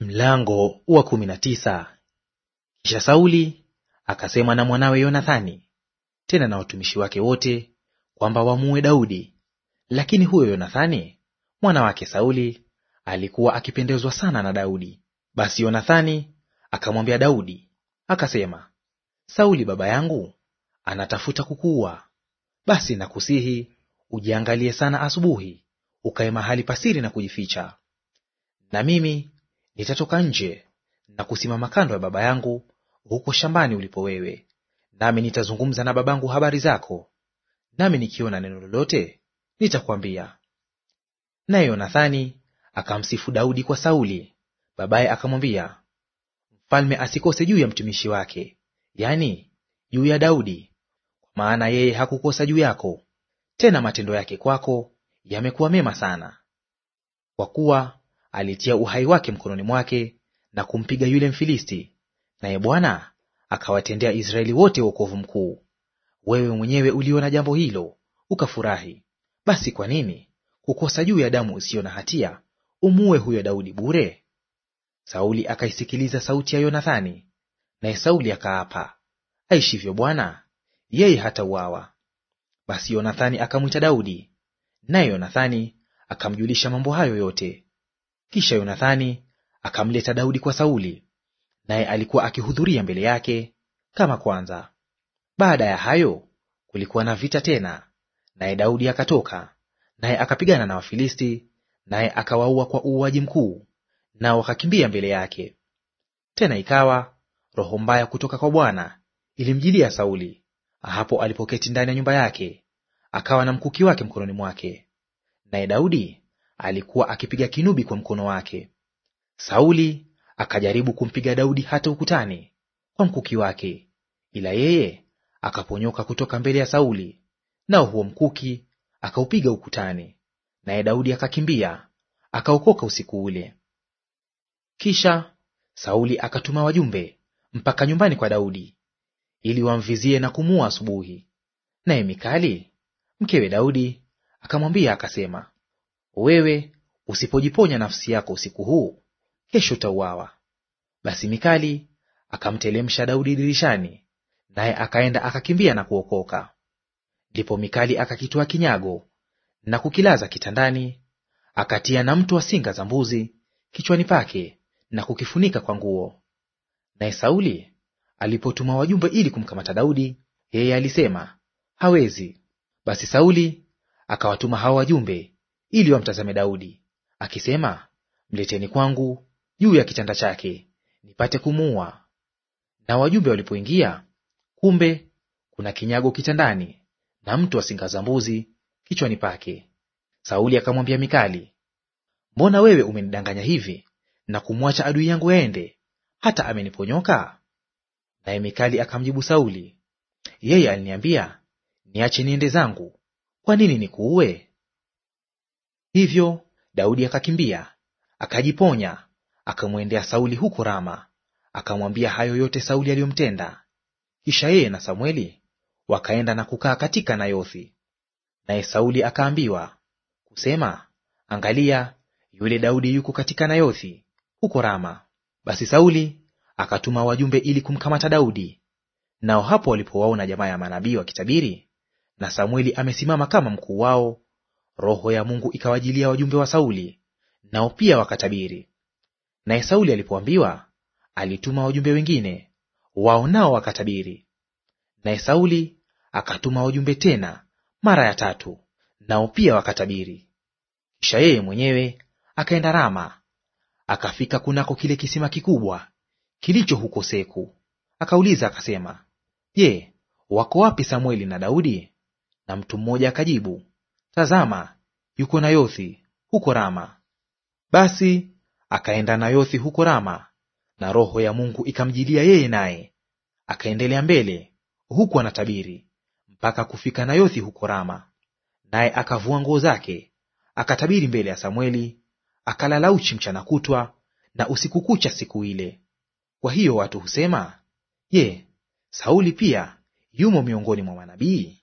Mlango wa kumi na tisa. Kisha Sauli akasema na mwanawe Yonathani tena na watumishi wake wote kwamba wamue Daudi, lakini huyo Yonathani mwana wake Sauli alikuwa akipendezwa sana na Daudi. Basi Yonathani akamwambia Daudi akasema, Sauli baba yangu anatafuta kukuua. Basi nakusihi ujiangalie sana asubuhi, ukae mahali pasiri na kujificha, na mimi Nitatoka nje na kusimama kando ya baba yangu huko shambani ulipo wewe, nami nitazungumza na babangu habari zako, nami nikiona neno lolote nitakwambia. Naye Yonathani akamsifu Daudi kwa Sauli babaye, akamwambia, mfalme asikose juu ya mtumishi wake, yaani juu ya Daudi, kwa maana yeye hakukosa juu yako, tena matendo yake kwako yamekuwa mema sana, kwa kuwa alitia uhai wake mkononi mwake na kumpiga yule Mfilisti, naye Bwana akawatendea Israeli wote wokovu mkuu. Wewe mwenyewe uliona jambo hilo ukafurahi. Basi kwa nini kukosa juu ya damu isiyo na hatia umuue huyo Daudi bure? Sauli akaisikiliza sauti ya Yonathani, naye Sauli akaapa, aishivyo Bwana, yeye hata uawa Basi Yonathani akamwita Daudi, naye Yonathani akamjulisha mambo hayo yote. Kisha Yonathani akamleta Daudi kwa Sauli, naye alikuwa akihudhuria mbele yake kama kwanza. Baada ya hayo kulikuwa na vita tena, naye Daudi akatoka, naye akapigana na Wafilisti, naye akawaua kwa uuaji mkuu, nao wakakimbia mbele yake. Tena ikawa roho mbaya kutoka kwa Bwana ilimjilia Sauli hapo alipoketi ndani ya nyumba yake, akawa na mkuki wake mkononi mwake. Naye Daudi alikuwa akipiga kinubi kwa mkono wake. Sauli akajaribu kumpiga Daudi hata ukutani kwa mkuki wake, ila yeye akaponyoka kutoka mbele ya Sauli, nao huo mkuki akaupiga ukutani, naye Daudi akakimbia akaokoka usiku ule. Kisha Sauli akatuma wajumbe mpaka nyumbani kwa Daudi ili wamvizie na kumuua asubuhi. Naye Mikali mkewe Daudi akamwambia akasema, wewe usipojiponya nafsi yako usiku huu, kesho utauawa. Basi Mikali akamtelemsha Daudi dirishani, naye akaenda akakimbia na kuokoka. Ndipo Mikali akakitoa kinyago na kukilaza kitandani, akatia na mtu wa singa za mbuzi kichwani pake na kukifunika kwa nguo. Naye Sauli alipotuma wajumbe ili kumkamata Daudi, yeye alisema hawezi. Basi Sauli akawatuma hao wajumbe ili wamtazame Daudi, akisema, mleteni kwangu juu ya kitanda chake nipate kumuua. Na wajumbe walipoingia, kumbe kuna kinyago kitandani na mtu asingaza mbuzi kichwani pake. Sauli akamwambia Mikali, mbona wewe umenidanganya hivi na kumwacha adui yangu aende hata ameniponyoka? Naye Mikali akamjibu Sauli, yeye aliniambia niache niende zangu, kwa nini nikuue? Hivyo Daudi akakimbia akajiponya, akamwendea Sauli huko Rama, akamwambia hayo yote Sauli aliyomtenda. Kisha yeye na Samweli wakaenda na kukaa katika Nayothi. Naye Sauli akaambiwa kusema, angalia, yule Daudi yuko katika Nayothi huko Rama. Basi Sauli akatuma wajumbe ili kumkamata Daudi. Nao hapo walipowaona jamaa ya manabii wakitabiri, na Samweli amesimama kama mkuu wao, roho ya Mungu ikawajilia wajumbe wa Sauli, nao pia wakatabiri. Naye Sauli alipoambiwa, alituma wajumbe wengine, wao nao wakatabiri. Naye Sauli akatuma wajumbe tena mara ya tatu, nao pia wakatabiri. Kisha yeye mwenyewe akaenda Rama, akafika kunako kile kisima kikubwa kilicho huko Seku, akauliza akasema, Je, wako wapi Samueli na Daudi? Na mtu mmoja akajibu, Tazama, yuko Nayothi huko Rama. Basi akaenda Nayothi huko Rama, na Roho ya Mungu ikamjilia yeye, naye akaendelea mbele huku anatabiri mpaka kufika Nayothi huko Rama. Naye akavua nguo zake akatabiri mbele ya Samweli, akalala uchi mchana kutwa na usiku kucha siku ile. Kwa hiyo watu husema, Je, Sauli pia yumo miongoni mwa manabii?